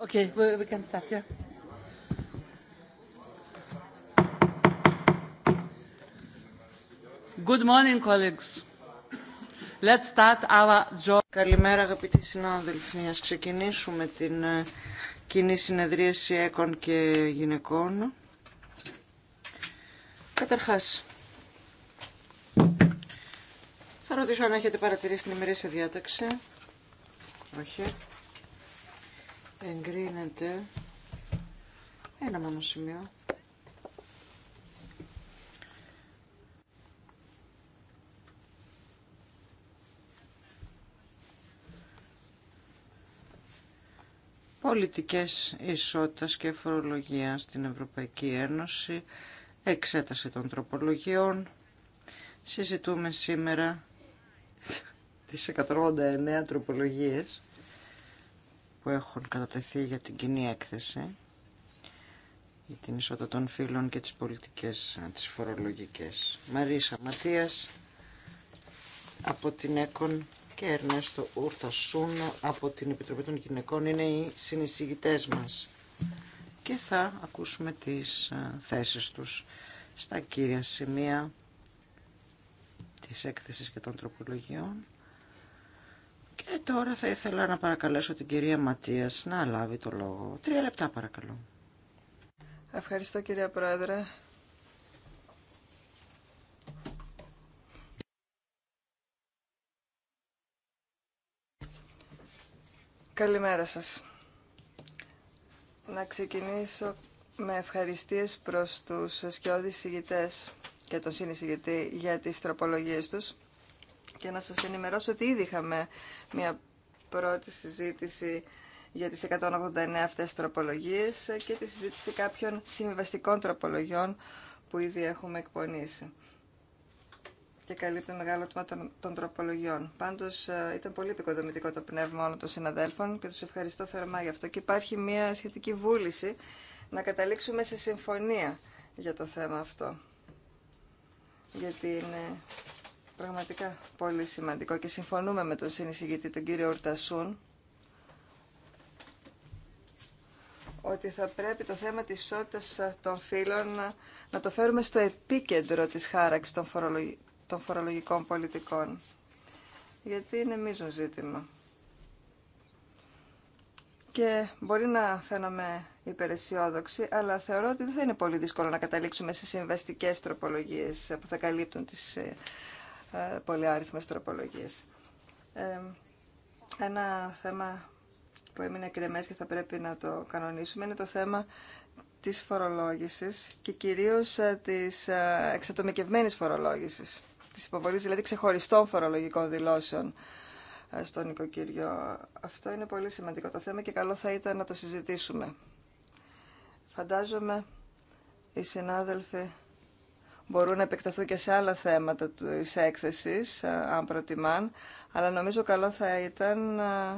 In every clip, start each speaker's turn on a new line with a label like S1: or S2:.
S1: Okay, we we can start, yeah. Good morning, colleagues. Let's start our job. Καλημέρα, αγαπητοί συνάδελφοι. Ας ξεκινήσουμε την ε, κοινή συνεδρίαση έκων και γυναικών. Καταρχάς, θα ρωτήσω αν έχετε παρατηρήσει την ημερήσια διάταξη. Όχι εγκρίνεται ένα μόνο σημείο. Πολιτικές ισότητας και φορολογία στην Ευρωπαϊκή Ένωση, εξέταση των τροπολογιών. Συζητούμε σήμερα τις 189 τροπολογίες που έχουν κατατεθεί για την κοινή έκθεση για την ισότητα των φύλων και τις πολιτικές, ε, τις φορολογικές. Μαρίσα Ματίας από την ΕΚΟΝ και Ερνέστο Ούρτασούν από την Επιτροπή των Γυναικών είναι οι συνεισηγητές μας και θα ακούσουμε τις ε, θέσεις τους στα κύρια σημεία της έκθεσης και των τροπολογιών και ε, τώρα θα ήθελα να παρακαλέσω την κυρία Ματίας να λάβει το λόγο. Τρία λεπτά παρακαλώ.
S2: Ευχαριστώ κυρία Πρόεδρε. Καλημέρα σας. Να ξεκινήσω με ευχαριστίες προς τους σκιώδεις συγητές και τον συνεισηγητή για τις τροπολογίες τους και να σας ενημερώσω ότι ήδη είχαμε μια πρώτη συζήτηση για τις 189 αυτές τροπολογίες και τη συζήτηση κάποιων συμβαστικών τροπολογιών που ήδη έχουμε εκπονήσει και καλύπτει μεγάλο τμήμα των, τροπολογιών. Πάντω ε, ήταν πολύ επικοδομητικό το πνεύμα όλων των συναδέλφων και του ευχαριστώ θερμά γι' αυτό. Και υπάρχει μια σχετική βούληση να καταλήξουμε σε συμφωνία για το θέμα αυτό. Γιατί είναι Πραγματικά πολύ σημαντικό και συμφωνούμε με τον συνεισηγητή τον κύριο Ορτασούν ότι θα πρέπει το θέμα της ισότητας των φύλων να το φέρουμε στο επίκεντρο της χάραξης των φορολογικών πολιτικών. Γιατί είναι μείζον ζήτημα. Και μπορεί να φαίνομαι υπεραισιόδοξη, αλλά θεωρώ ότι δεν θα είναι πολύ δύσκολο να καταλήξουμε σε συμβαστικές τροπολογίες που θα καλύπτουν τις ε, πολυάριθμες τροπολογίες. Ε, ένα θέμα που έμεινε κρεμές και θα πρέπει να το κανονίσουμε είναι το θέμα της φορολόγησης και κυρίως ε, της εξατομικευμένης φορολόγησης, της υποβολής δηλαδή ξεχωριστών φορολογικών δηλώσεων στον οικοκύριο. Αυτό είναι πολύ σημαντικό το θέμα και καλό θα ήταν να το συζητήσουμε. Φαντάζομαι οι συνάδελφοι μπορούν να επεκταθούν και σε άλλα θέματα της έκθεσης, ε, αν προτιμάν, αλλά νομίζω καλό θα ήταν, ε,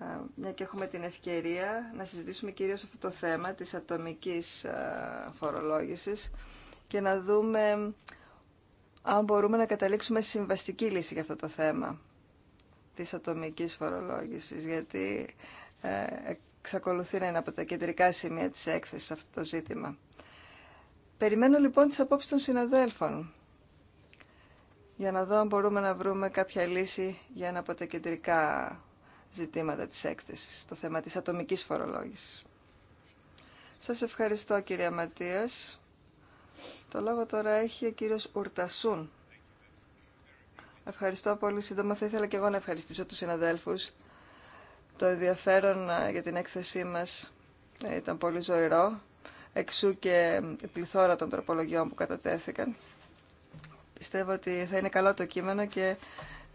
S2: ε, μια και έχουμε την ευκαιρία, να συζητήσουμε κυρίως αυτό το θέμα της ατομικής φορολόγησης και να δούμε αν μπορούμε να καταλήξουμε συμβαστική λύση για αυτό το θέμα της ατομικής φορολόγησης, γιατί εξακολουθεί να είναι από τα κεντρικά σημεία της έκθεσης αυτό το ζήτημα. Περιμένω λοιπόν τις απόψεις των συναδέλφων για να δω αν μπορούμε να βρούμε κάποια λύση για ένα από τα κεντρικά ζητήματα της έκθεσης, το θέμα της ατομικής φορολόγησης. Σας ευχαριστώ κυρία Ματίας. Το λόγο τώρα έχει ο κύριος Ουρτασούν. Ευχαριστώ πολύ. Σύντομα θα ήθελα και εγώ να ευχαριστήσω τους συναδέλφους. Το ενδιαφέρον ε, για την έκθεσή μας ε, ήταν πολύ ζωηρό Εξού και η πληθώρα των τροπολογιών που κατατέθηκαν. Πιστεύω ότι θα είναι καλό το κείμενο και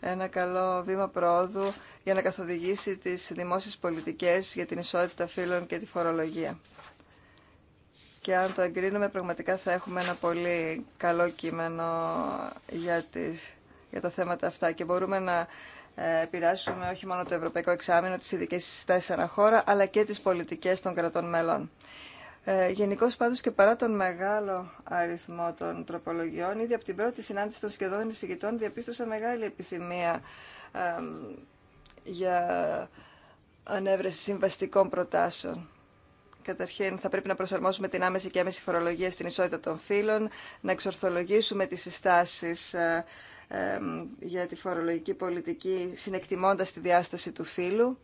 S2: ένα καλό βήμα προόδου για να καθοδηγήσει τις δημόσιες πολιτικές για την ισότητα φύλων και τη φορολογία. Και αν το εγκρίνουμε, πραγματικά θα έχουμε ένα πολύ καλό κείμενο για, για τα θέματα αυτά και μπορούμε να ε, επηρεάσουμε όχι μόνο το Ευρωπαϊκό Εξάμεινο, τις ειδικές συστάσεις χώρα, αλλά και τις πολιτικές των κρατών μελών. Ε, Γενικώ πάντως και παρά τον μεγάλο αριθμό των τροπολογιών, ήδη από την πρώτη συνάντηση των σχεδόν εισηγητών διαπίστωσα μεγάλη επιθυμία για ανέβρεση συμβαστικών προτάσεων. Καταρχήν θα πρέπει να προσαρμόσουμε την άμεση και άμεση φορολογία στην ισότητα των φύλων, να εξορθολογήσουμε τις συστάσεις ε, ε, για τη φορολογική πολιτική συνεκτιμώντας τη διάσταση του φύλου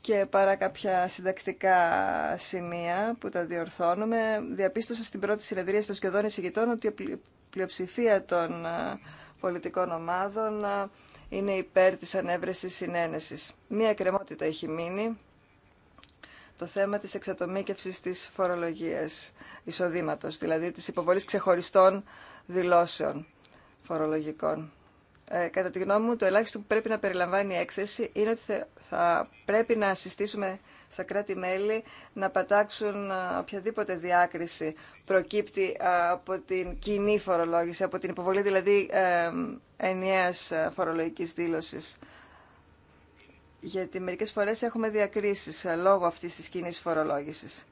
S2: και παρά κάποια συντακτικά σημεία που τα διορθώνουμε, διαπίστωσα στην πρώτη συνεδρία στο σχεδόν εισηγητών ότι η πλειοψηφία των ε, πολιτικών ομάδων ε, είναι υπέρ της ανέβρεσης συνένεσης. Μία εκκρεμότητα έχει μείνει το θέμα της εξατομίκευσης της φορολογίας εισοδήματος, δηλαδή της υποβολής ξεχωριστών δηλώσεων φορολογικών. Ε, κατά τη γνώμη μου, το ελάχιστο που πρέπει να περιλαμβάνει η έκθεση είναι ότι θα πρέπει να συστήσουμε στα κράτη-μέλη να πατάξουν ε, οποιαδήποτε διάκριση προκύπτει ε, από την κοινή φορολόγηση, από την υποβολή δηλαδή ενιαίας φορολογικής δήλωσης. Γιατί μερικές φορές έχουμε διακρίσεις λόγω αυτής της κοινή φορολόγησης.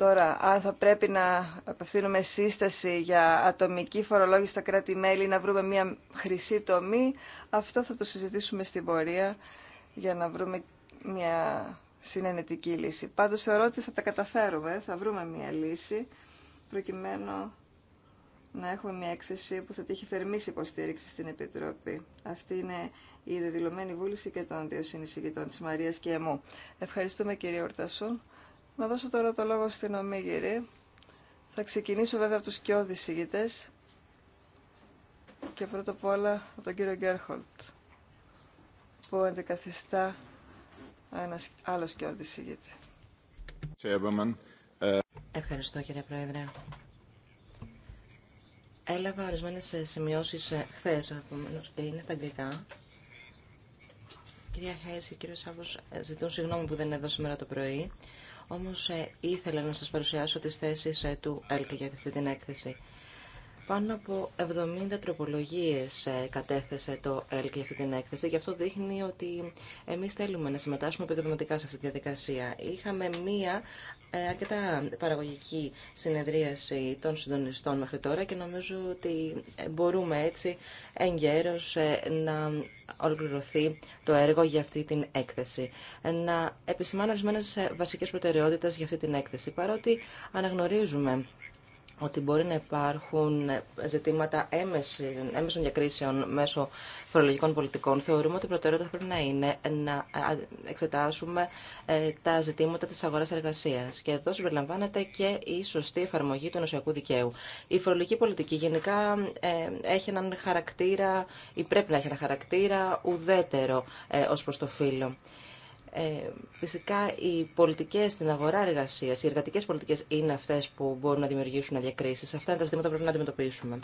S2: Τώρα, αν θα πρέπει να απευθύνουμε σύσταση για ατομική φορολόγηση στα κράτη-μέλη, να βρούμε μια χρυσή τομή, αυτό θα το συζητήσουμε στην πορεία για να βρούμε μια συνενετική λύση. Πάντως θεωρώ ότι θα τα καταφέρουμε, θα βρούμε μια λύση, προκειμένου να έχουμε μια έκθεση που θα τύχει θερμής υποστήριξη στην Επιτροπή. Αυτή είναι η δεδηλωμένη βούληση και των δύο συνεισηγητών της Μαρίας και εμού. Ευχαριστούμε κύριε Ορτασού. Να δώσω τώρα το λόγο στην Ομίγυρη. Θα ξεκινήσω βέβαια από τους κοιόδης ηγητές και πρώτα απ' όλα από τον κύριο Γκέρχολτ που αντικαθιστά ένας άλλος κοιόδης ηγητή.
S1: Ε-
S3: Ευχαριστώ κύριε Πρόεδρε. Έλαβα ορισμένε σημειώσει ε, χθε, είναι στα αγγλικά. Κυρία Χάιση και κύριο Σάβο, ε, ζητούν συγγνώμη που δεν είναι εδώ σήμερα το πρωί. Όμως ε, ήθελα να σας παρουσιάσω τις θέσεις ε, του ΕΛΚΑ για αυτή την έκθεση. Πάνω από 70 τροπολογίες ε, κατέθεσε το ΕΛΚ για αυτή την έκθεση. Γι' αυτό δείχνει ότι εμείς θέλουμε να συμμετάσχουμε επικοδομητικά σε αυτή τη διαδικασία. Είχαμε μία ε, αρκετά παραγωγική συνεδρίαση των συντονιστών μέχρι τώρα και νομίζω ότι ε, μπορούμε έτσι εγκαίρως να ολοκληρωθεί το έργο για αυτή την έκθεση. Να επισημάνω ορισμένε βασικέ προτεραιότητε για αυτή την έκθεση, παρότι αναγνωρίζουμε ότι μπορεί να υπάρχουν ζητήματα έμεσων, έμεσων διακρίσεων μέσω φορολογικών πολιτικών, θεωρούμε ότι η προτεραιότητα θα πρέπει να είναι να ε, εξετάσουμε ε, τα ζητήματα της αγοράς εργασίας. Και εδώ συμπεριλαμβάνεται και η σωστή εφαρμογή του ενωσιακού δικαίου. Η φορολογική πολιτική γενικά ε, έχει έναν χαρακτήρα ή πρέπει να έχει ένα χαρακτήρα ουδέτερο ως προς το φύλλο. Ε, φυσικά οι πολιτικέ στην αγορά εργασία, οι εργατικέ πολιτικέ είναι αυτέ που μπορούν να δημιουργήσουν διακρίσει. Αυτά είναι τα ζητήματα που πρέπει να αντιμετωπίσουμε.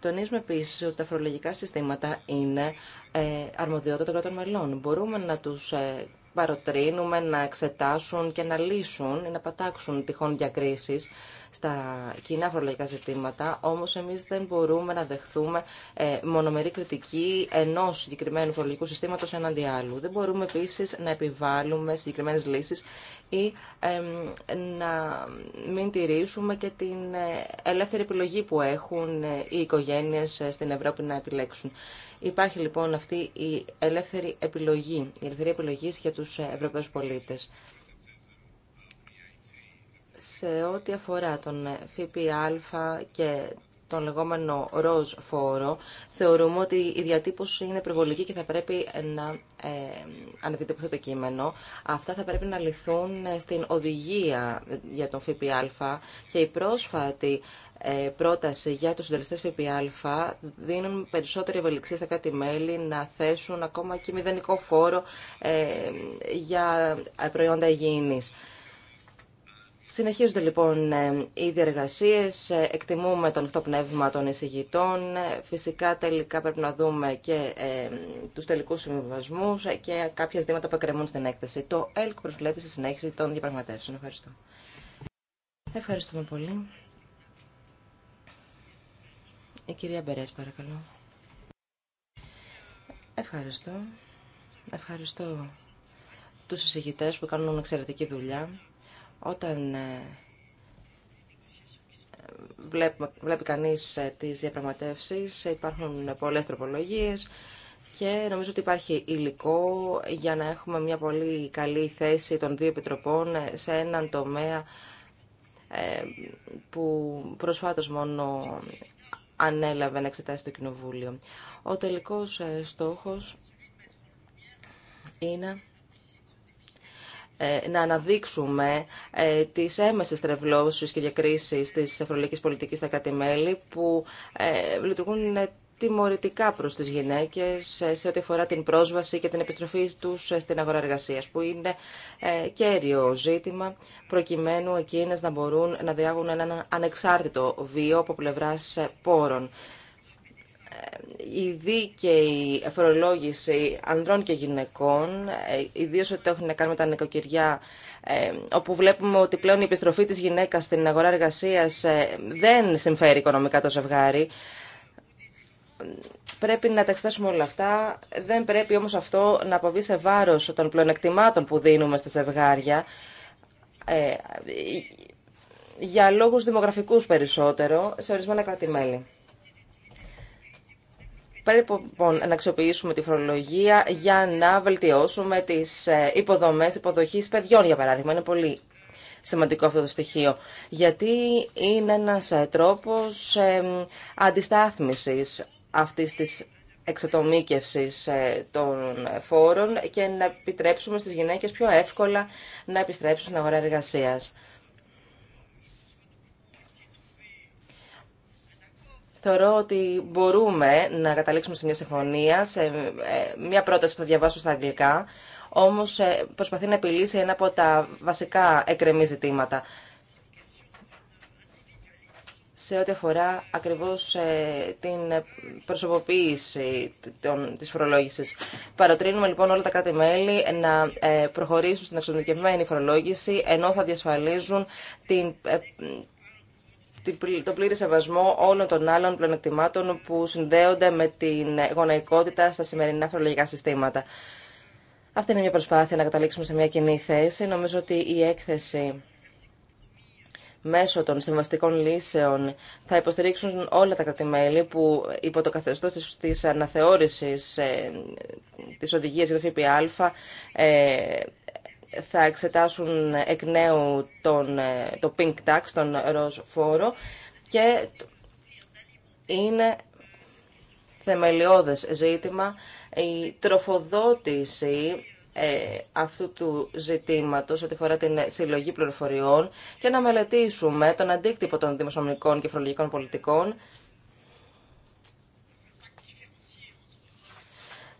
S3: Τονίζουμε επίση ότι τα φορολογικά συστήματα είναι ε, αρμοδιότητα των κρατών μελών. Μπορούμε να του ε, παροτρύνουμε να εξετάσουν και να λύσουν ή να πατάξουν τυχόν διακρίσει στα κοινά φορολογικά ζητήματα, όμως εμείς δεν μπορούμε να δεχθούμε ε, μονομερή κριτική ενός συγκεκριμένου φορολογικού συστήματος έναντι άλλου. Δεν μπορούμε επίση να επιβάλλουμε συγκεκριμένε λύσεις ή να μην τηρήσουμε και την ε, ελεύθερη επιλογή που έχουν ε, οι οικογένειες στην Ευρώπη να επιλέξουν. Υπάρχει λοιπόν αυτή η ελεύθερη επιλογή, η ελεύθερη επιλογή για τους Ευρωπαίους πολίτες σε ό,τι αφορά τον ΦΠΑ και τον λεγόμενο ροζ φόρο, θεωρούμε ότι η διατύπωση είναι προβολική και θα πρέπει να ε, το κείμενο. Αυτά θα πρέπει να λυθούν ε, στην οδηγία για τον ΦΠΑ και η πρόσφατη ε, πρόταση για τους συντελεστές ΦΠΑ δίνουν περισσότερη ευελιξία στα κράτη-μέλη να θέσουν ακόμα και μηδενικό φόρο ε, για προϊόντα υγιεινής. Συνεχίζονται λοιπόν ε, οι διεργασίε. Ε, εκτιμούμε το ανοιχτό πνεύμα των εισηγητών, ε, φυσικά τελικά πρέπει να δούμε και ε, τους τελικούς συμβιβασμούς και κάποια ζητήματα που εκκρεμούν στην έκθεση. Το ΕΛΚ προσβλέπει στη συνέχιση των διαπραγματεύσεων. Ευχαριστώ. Ευχαριστούμε πολύ. Η κυρία Μπερές παρακαλώ. Ευχαριστώ. Ευχαριστώ τους εισηγητές που κάνουν εξαιρετική δουλειά όταν ε, βλέπει κανείς ε, τις διαπραγματεύσεις υπάρχουν πολλές τροπολογίες και νομίζω ότι υπάρχει υλικό για να έχουμε μια πολύ καλή θέση των δύο επιτροπών σε έναν τομέα ε, που προσφάτως μόνο ανέλαβε να εξετάσει το Κοινοβούλιο. Ο τελικός στόχος είναι ε, να αναδείξουμε ε, τις έμεσες τρευλώσεις και διακρίσεις της ευρωπαϊκής πολιτικής στα κράτη-μέλη που ε, λειτουργούν τιμωρητικά προς τις γυναίκες σε ό,τι αφορά την πρόσβαση και την επιστροφή τους στην αγορά εργασίας, που είναι κέριο ζήτημα, προκειμένου εκείνες να μπορούν να διάγουν έναν ανεξάρτητο βίο από πλευράς πόρων η δίκαιη φορολόγηση ανδρών και γυναικών, ε, ιδίω ό,τι έχουν να κάνουν με τα νοικοκυριά, ε, όπου βλέπουμε ότι πλέον η επιστροφή της γυναίκας στην αγορά εργασίας ε, δεν συμφέρει οικονομικά το ζευγάρι. Πρέπει να τα εξετάσουμε όλα αυτά. Δεν πρέπει όμως αυτό να αποβεί σε βάρος των πλεονεκτημάτων που δίνουμε στα ζευγάρια για λόγους δημογραφικούς περισσότερο σε ορισμένα Πρέπει λοιπόν να αξιοποιήσουμε τη φορολογία για να βελτιώσουμε τις ε, υποδομές υποδοχή παιδιών, για παράδειγμα. Είναι πολύ σημαντικό αυτό το στοιχείο, γιατί είναι ένας ε, τρόπος αντιστάθμισης αυτής της εξατομίκευσης ε, των φόρων και να επιτρέψουμε στις γυναίκες πιο εύκολα να επιστρέψουν στην αγορά εργασίας. Θεωρώ ότι μπορούμε να καταλήξουμε σε μια συμφωνία, σε ε, μια πρόταση που θα διαβάσω στα αγγλικά, όμως ε, προσπαθεί να επιλύσει ένα από τα βασικά εκρεμή ζητήματα. Σε ό,τι αφορά ακριβώς ε, την προσωποποίηση της φορολόγησης. Παροτρύνουμε λοιπόν όλα τα κράτη-μέλη να προχωρήσουν στην εξοδικευμένη φορολόγηση, ενώ θα διασφαλίζουν την το πλήρη σεβασμό όλων των άλλων πλεονεκτημάτων που συνδέονται με την γονεϊκότητα στα σημερινά φορολογικά συστήματα. Αυτή είναι μια προσπάθεια να καταλήξουμε σε μια κοινή θέση. Νομίζω ότι η έκθεση μέσω των συμβαστικών λύσεων θα υποστηρίξουν όλα τα κρατημέλη που υπό το καθεστώς της αναθεώρησης ε, της οδηγίας για το ΦΠΑ ε, θα εξετάσουν εκ νέου τον, ε, το pink tax, τον ροζ φόρο και είναι θεμελιώδες ζήτημα η τροφοδότηση ε, αυτού του ζητήματος ότι φορά την συλλογή πληροφοριών και να μελετήσουμε τον αντίκτυπο των δημοσιονομικών και φορολογικών πολιτικών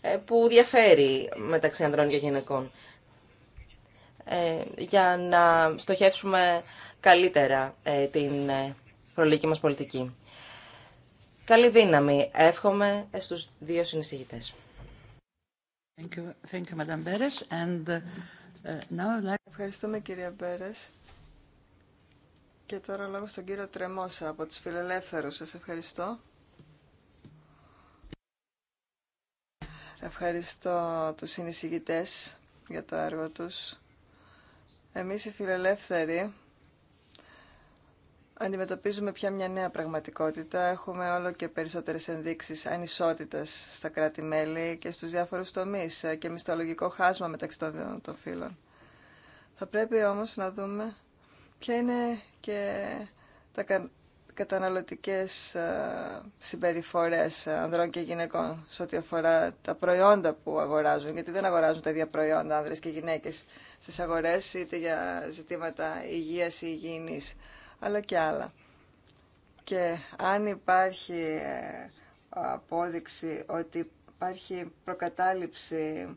S3: ε, που διαφέρει μεταξύ ανδρών και γυναικών. Ε, για να στοχεύσουμε καλύτερα ε, την ε, προλική μας πολιτική. Καλή δύναμη. Εύχομαι στους δύο συνεισηγητές. Ευχαριστούμε κυρία Μπέρες.
S2: Και τώρα λόγω στον κύριο Τρεμόσα από τους Φιλελεύθερους. Σας ευχαριστώ. Ευχαριστώ τους συνεισηγητές για το έργο τους. Εμείς οι φιλελεύθεροι αντιμετωπίζουμε πια μια νέα πραγματικότητα. Έχουμε όλο και περισσότερες ενδείξεις ανισότητας στα κράτη-μέλη και στους διάφορους τομείς και μισθολογικό χάσμα μεταξύ των φύλων. Θα πρέπει όμως να δούμε ποια είναι και τα καταναλωτικές ε, συμπεριφορές ανδρών και γυναικών σε ό,τι αφορά τα προϊόντα που αγοράζουν, γιατί δεν αγοράζουν τα ίδια προϊόντα άνδρες και γυναίκες στις αγορές, είτε για ζητήματα υγείας ή υγιεινής, αλλά και άλλα. Και αν υπάρχει ε, απόδειξη ότι υπάρχει προκατάληψη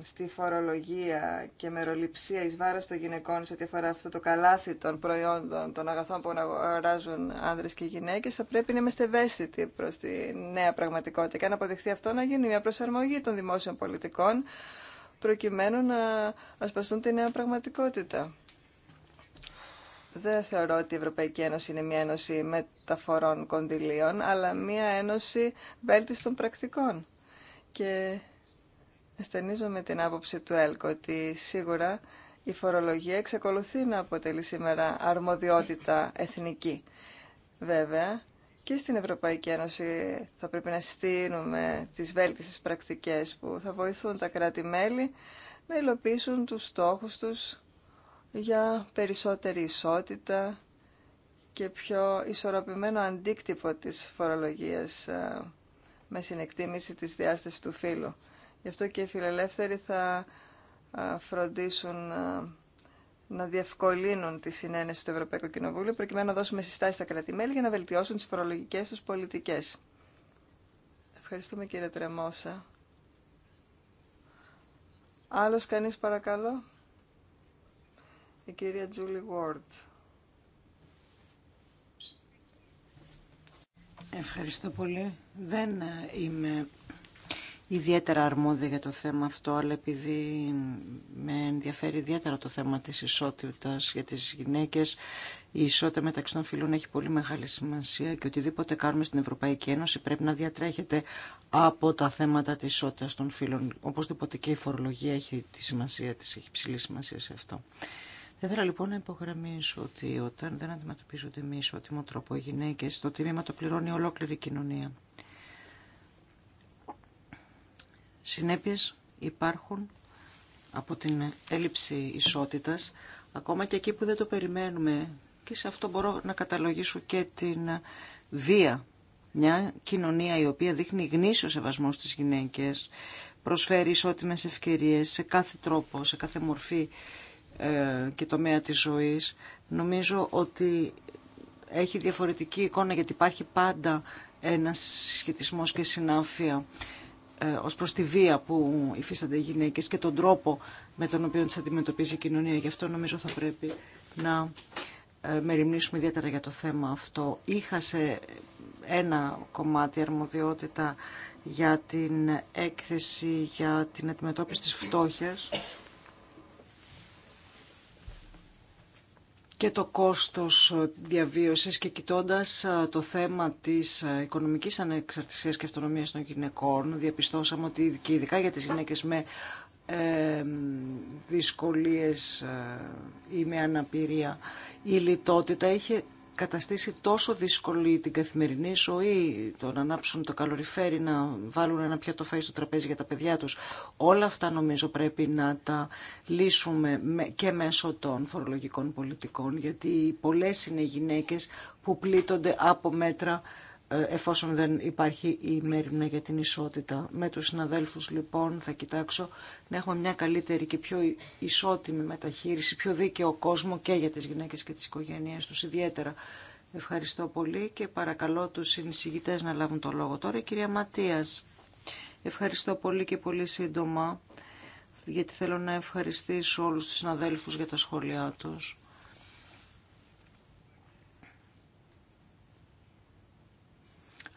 S2: στη φορολογία και μεροληψία εις βάρος των γυναικών σε ό,τι αφορά αυτό το καλάθι των προϊόντων, των αγαθών που αγοράζουν άνδρες και γυναίκες, θα πρέπει να είμαστε ευαίσθητοι προς τη νέα πραγματικότητα και αν αποδειχθεί αυτό να γίνει μια προσαρμογή των δημόσιων πολιτικών προκειμένου να ασπαστούν τη νέα πραγματικότητα. Δεν θεωρώ ότι η Ευρωπαϊκή Ένωση είναι μια ένωση μεταφορών κονδυλίων, αλλά μια ένωση βέλτιστων πρακτικών. Και με την άποψη του ΕΛΚΟ ότι σίγουρα η φορολογία εξακολουθεί να αποτελεί σήμερα αρμοδιότητα εθνική. Βέβαια, και στην Ευρωπαϊκή Ένωση θα πρέπει να στείλουμε τις βέλτιστες πρακτικές που θα βοηθούν τα κράτη-μέλη να υλοποιήσουν τους στόχους τους για περισσότερη ισότητα και πιο ισορροπημένο αντίκτυπο της φορολογίας ε, με συνεκτίμηση της διάστασης του φύλου. Γι' αυτό και οι φιλελεύθεροι θα φροντίσουν να διευκολύνουν τη συνένεση στο Ευρωπαϊκό Κοινοβούλιο προκειμένου να δώσουμε συστάσεις στα κρατημέλη για να βελτιώσουν τις φορολογικές τους πολιτικές. Ευχαριστούμε κύριε Τρεμόσα. Άλλος κανείς παρακαλώ. Η κυρία Τζούλι Βόρτ.
S1: Ευχαριστώ πολύ. Δεν είμαι ιδιαίτερα αρμόδια για το θέμα αυτό, αλλά επειδή με ενδιαφέρει ιδιαίτερα το θέμα της ισότητας για τις γυναίκες, η ισότητα μεταξύ των φυλών έχει πολύ μεγάλη σημασία και οτιδήποτε κάνουμε στην Ευρωπαϊκή Ένωση πρέπει να διατρέχεται από τα θέματα της ισότητας των φύλων. Οπωσδήποτε και η φορολογία έχει τη σημασία της, έχει ψηλή σημασία σε αυτό. Θα ήθελα λοιπόν να υπογραμμίσω ότι όταν δεν αντιμετωπίζονται με ισότιμο τρόπο οι γυναίκες, το τίμημα το πληρώνει η ολόκληρη κοινωνία συνέπειες υπάρχουν από την έλλειψη ισότητας, ακόμα και εκεί που δεν το περιμένουμε. Και σε αυτό μπορώ να καταλογίσω και την βία. Μια κοινωνία η οποία δείχνει γνήσιο σεβασμό στις γυναίκες, προσφέρει ισότιμες ευκαιρίες σε κάθε τρόπο, σε κάθε μορφή ε, και τομέα της ζωής. Νομίζω ότι έχει διαφορετική εικόνα γιατί υπάρχει πάντα ένας σχετισμός και συνάφεια ε, ως προς τη βία που υφίστανται οι γυναίκες και τον τρόπο με τον οποίο τις αντιμετωπίζει η κοινωνία. Γι' αυτό νομίζω θα πρέπει να ε, μεριμνήσουμε ιδιαίτερα για το θέμα αυτό. Είχα σε ένα κομμάτι αρμοδιότητα για την έκθεση για την αντιμετώπιση της φτώχειας και το κόστος διαβίωσης και κοιτώντας το θέμα της οικονομικής ανεξαρτησίας και αυτονομίας των γυναικών διαπιστώσαμε ότι και ειδικά για τις γυναίκες με ε, δυσκολίες ή με αναπηρία η λιτότητα είχε καταστήσει τόσο δύσκολη την καθημερινή ζωή, το να ανάψουν το καλοριφέρι, να βάλουν ένα πιάτο φαΐ στο τραπέζι για τα παιδιά τους. Όλα αυτά νομίζω πρέπει να τα λύσουμε και μέσω των φορολογικών πολιτικών, γιατί πολλές είναι γυναίκες που πλήττονται από μέτρα ε, εφόσον δεν υπάρχει η μέρημνα για την ισότητα. Με τους συναδέλφους λοιπόν θα κοιτάξω να έχουμε μια καλύτερη και πιο ισότιμη μεταχείριση, πιο δίκαιο κόσμο και για τις γυναίκες και τις οικογένειές τους ιδιαίτερα. Ευχαριστώ πολύ και παρακαλώ τους συνεισηγητές να λάβουν το λόγο. Τώρα κυρία Ματίας. Ευχαριστώ πολύ και πολύ σύντομα γιατί θέλω να ευχαριστήσω όλους τους συναδέλφους για τα σχόλιά τους.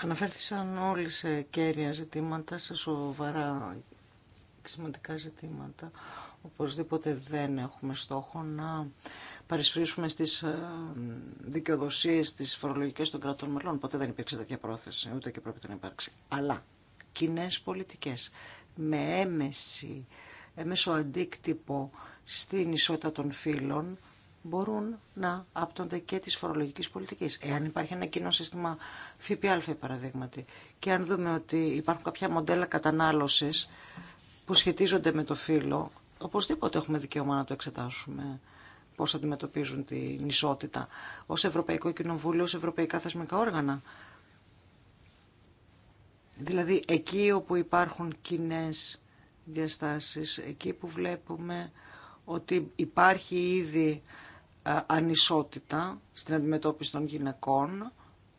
S1: Αναφέρθησαν όλοι σε κέρια ζητήματα, σε σοβαρά και σημαντικά ζητήματα. Οπωσδήποτε δεν έχουμε στόχο να παρισφρήσουμε στις ε, δικαιοδοσίες, στις φορολογικές των κρατών μελών. Ποτέ δεν υπήρξε τέτοια πρόθεση, ούτε και πρόκειται να υπάρξει. Αλλά κοινέ πολιτικές με έμεση, έμεσο αντίκτυπο στην ισότητα των φύλων, μπορούν να άπτονται και τη φορολογική πολιτική. Εάν υπάρχει ένα κοινό σύστημα ΦΠΑ, παραδείγματι, και αν δούμε ότι υπάρχουν κάποια μοντέλα κατανάλωσης που σχετίζονται με το φύλλο, οπωσδήποτε έχουμε δικαίωμα να το εξετάσουμε πώ αντιμετωπίζουν την ισότητα ω Ευρωπαϊκό Κοινοβούλιο, ω Ευρωπαϊκά Θεσμικά Όργανα. Δηλαδή, εκεί όπου υπάρχουν κοινέ διαστάσεις, εκεί που βλέπουμε ότι υπάρχει ήδη ε, ανισότητα στην αντιμετώπιση των γυναικών,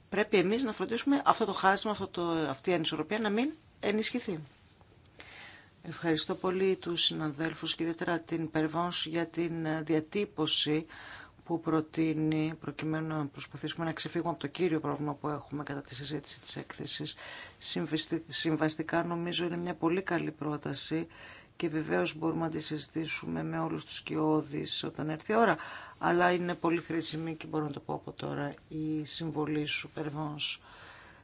S1: πρέπει εμείς να φροντίσουμε αυτό το χάσμα, αυτό το, αυτή η ανισορροπία να μην ενισχυθεί. Ευχαριστώ πολύ τους συναδέλφους και ιδιαίτερα την Περβόνς για την ε, διατύπωση που προτείνει προκειμένου να προσπαθήσουμε να ξεφύγουμε από το κύριο πρόβλημα που έχουμε κατά τη συζήτηση της έκθεσης. Συμβαστικά νομίζω είναι μια πολύ καλή πρόταση και βεβαίως μπορούμε να τη συζητήσουμε με όλους τους κοιόδης όταν έρθει η ώρα, αλλά είναι πολύ χρήσιμη και μπορώ να το πω από τώρα η συμβολή σου,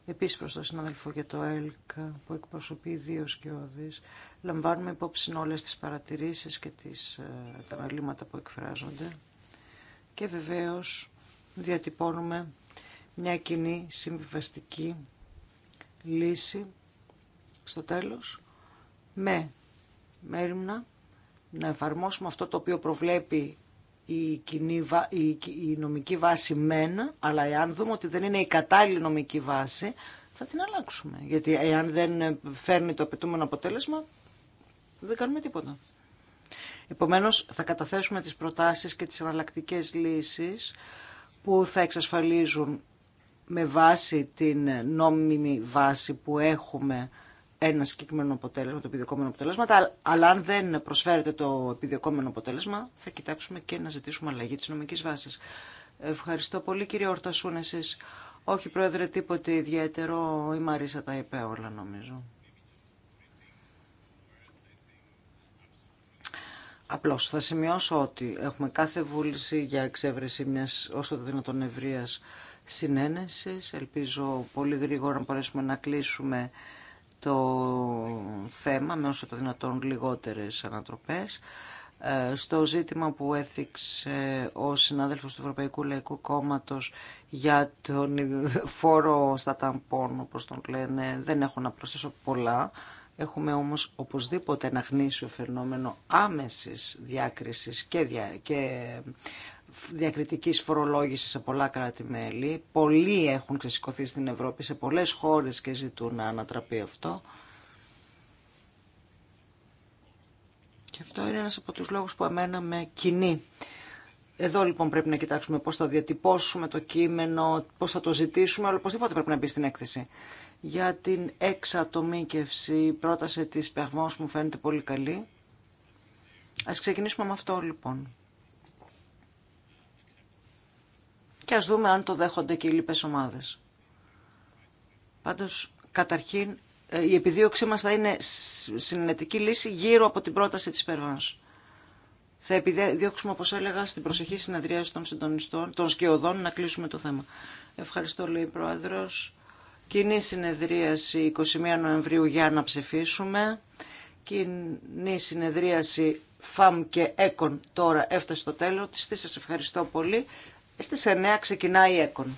S1: Επίσης προς τον συνάδελφο για το ΕΛΚ που εκπροσωπεί δύο σκιώδεις, λαμβάνουμε υπόψη όλες τις παρατηρήσεις και τις, ε, τα μελήματα που εκφράζονται και βεβαίως διατυπώνουμε μια κοινή συμβιβαστική λύση στο τέλος με μέρημνα να εφαρμόσουμε αυτό το οποίο προβλέπει η, η, νομική βάση μεν, αλλά εάν δούμε ότι δεν είναι η κατάλληλη νομική βάση, θα την αλλάξουμε. Γιατί εάν δεν φέρνει το απαιτούμενο αποτέλεσμα, δεν κάνουμε τίποτα. Επομένως, θα καταθέσουμε τις προτάσεις και τις εναλλακτικέ λύσεις που θα εξασφαλίζουν με βάση την νόμιμη βάση που έχουμε ένα συγκεκριμένο αποτέλεσμα, το επιδιωκόμενο αποτέλεσμα, αλλά αν δεν προσφέρεται το επιδιωκόμενο αποτέλεσμα, θα κοιτάξουμε και να ζητήσουμε αλλαγή της νομικής βάσης. Ευχαριστώ πολύ κύριε Ορτασούν εσείς. Όχι πρόεδρε τίποτε ιδιαίτερο, η Μαρίσα τα είπε όλα νομίζω. Απλώς θα σημειώσω ότι έχουμε κάθε βούληση για εξέβρεση μιας όσο το δυνατόν ευρείας συνένεσης. Ελπίζω πολύ γρήγορα να μπορέσουμε να κλείσουμε το θέμα με όσο το δυνατόν λιγότερες ανατροπές. Ε, στο ζήτημα που έθιξε ο συνάδελφος του Ευρωπαϊκού Λαϊκού Κόμματος για τον φόρο στα ταμπών, όπως τον λένε, δεν έχω να προσθέσω πολλά. Έχουμε όμως οπωσδήποτε ένα γνήσιο φαινόμενο άμεσης διάκρισης και, δια, και διακριτικής φορολόγησης σε πολλά κράτη-μέλη. Πολλοί έχουν ξεσηκωθεί στην Ευρώπη σε πολλές χώρες και ζητούν να ανατραπεί αυτό. Και αυτό είναι ένας από τους λόγους που εμένα με κινεί. Εδώ λοιπόν πρέπει να κοιτάξουμε πώς θα διατυπώσουμε το κείμενο, πώς θα το ζητήσουμε, αλλά οπωσδήποτε πρέπει να μπει στην έκθεση. Για την εξατομίκευση, η πρόταση της Πεγμός μου φαίνεται πολύ καλή. Ας ξεκινήσουμε με αυτό λοιπόν. Και ας δούμε αν το δέχονται και οι λοιπές ομάδες. Πάντως, καταρχήν, ε, η επιδίωξή μας θα είναι συνενετική λύση γύρω από την πρόταση της Περβάνς. Θα επιδιώξουμε, όπως έλεγα, στην προσεχή συνεδρίαση των συντονιστών, των σκιωδών, να κλείσουμε το θέμα. Ευχαριστώ, λέει η Πρόεδρος. Κοινή συνεδρίαση 21 Νοεμβρίου για να ψηφίσουμε. Κοινή συνεδρίαση ΦΑΜ και ΕΚΟΝ τώρα έφτασε στο τέλος της. Σας ευχαριστώ πολύ. Στις 9 ξεκινάει η ΕΚΟΝ.